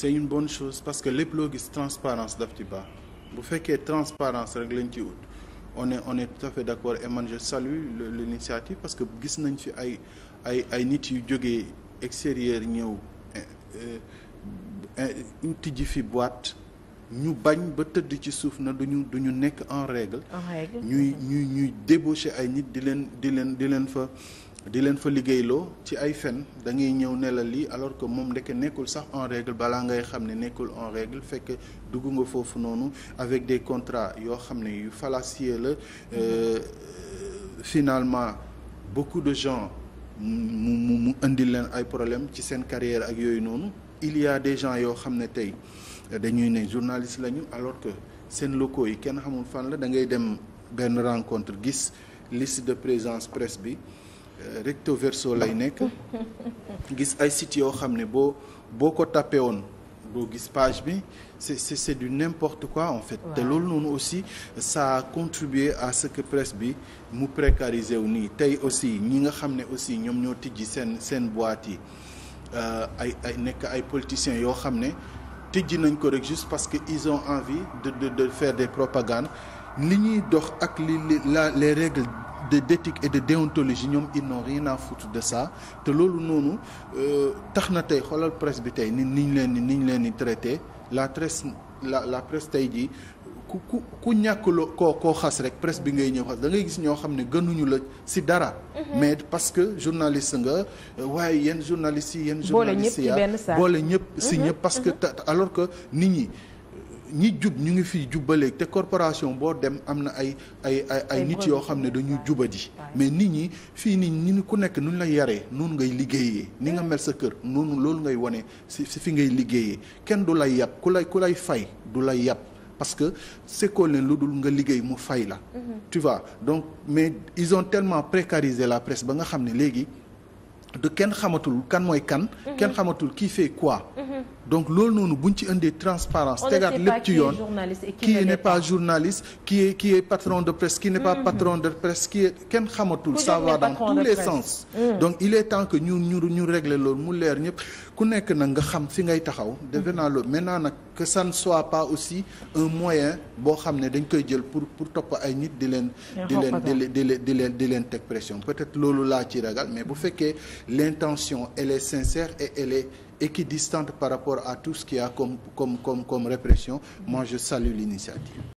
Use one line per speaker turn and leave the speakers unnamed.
c'est une bonne chose parce que lép loo gis transparence daf ci baax bu fekkee transparence rek lañ ci ut on est on est tout à fait d'accord et man je salue l'initiative parce que gis nañ fi ay ay ay nit yu jógee extérieur ñëw eh, eh, eh, ji fi boite ñu bañ ba tëdd ci suuf na duñu duñu nekk en règle ñuy ñuy ñuy débaucher ay nit di leen di leen di leen fa di leen fa liggéeyloo ci ay fen da ñëw ne la lii alors que moom ndekk nekkul sax en règle balaa ngay xam ne nekkul en règle fekk dugg nga foofu noonu avec des contrats yoo xam ne yu fallacieux la euh, finalement beaucoup de gens mu leen ay problème ci seen carrière ak yooyu noonu il y des gens yoo xam ne tey dañuy ne journaliste lañu alors que seen locaux yi kenn xamul fan la dangay dem benn rencontre gis liste de présence presse bi Euh, recto verso lay nekk gis ay sites yoo xam ne boo boo ko tapé woon boo gis page bi c'est c'est du n'importe quoi en fait te loolu noonu aussi ça a à ce que presse bi mu précarisé wu nii tey aussi ñi nga xam ne aussi ñoom ñoo tijji seen seen boîte yi euh, ay ay nekk ay politiciens yoo xam ne tijji nañ ko rek parce que ils ont envie de de de faire des propagandes li ñuy dox ak li la les règles de d'éthique et de déontologie ñoom ils n'ont rien à foutre de ça te loolu noonu euh, tax na tey xoolal presse bi tey ni niñ leen ni niñ leen di traité la presse la la presse tey jii ku ku ku ñàkk loo koo xas rek presse bi ngay ñëw xas dangay gis ñoo xam ne gënuñu la si dara. Mhm. mais parce que journaliste nga euh, waaye yenn journaliste yi yenn. journaliste yi boole ñëpp si benn boole ñëpp si mhm. ñëpp parce que mhm. alors que nit ñi. ñi jub ñu ngi fii jubbaleeg te corporation boo dem am na ay ay ay ay nit yoo xam ne dañuy jubadi mais nit ñi fii nii ñi ku nekk nu ñu la yaree noonu ngay liggéeyee ni nga mel sa kër noonu loolu ngay wone si si fi ngay liggéeyee kenn du lay yàpp ku lay ku lay fay du lay yàpp parce que sekkoo leen lu dul nga liggéey mu fay la mm-hmm. tu vois donc mais ils ont tellement précarisé la presse ba nga xam ne léegi kenn xamatul kan mooy kan. Mhm. kenn xamatul qui fait quoi. Mhm. donc loolu noonu bu ñu ci indee transparence tegaat lépp ci yoon qui n'est pas journaliste qui est qui est patron de presse qui n'est pas mhm. patron de presse qui est kenn xamatul ça va dans tous les sens donc il est temps que ñu ñu ñu régler loolu mu leer ñëpp ku nekk nag nga xam fi ngay taxaw defe naa loolu maintenant nag que ça ne soit pas aussi un moyen boo xam ne dañ koy jël pour pour topp ay nit di leen di leen di leen di leen di leen teg pression peut loolu laa ci ragal mais bu fekkee l'intention, elle est sincère et elle est équidistante par rapport à tout ce qu'il y a comme, comme, comme, comme répression. Moi, je salue l'initiative.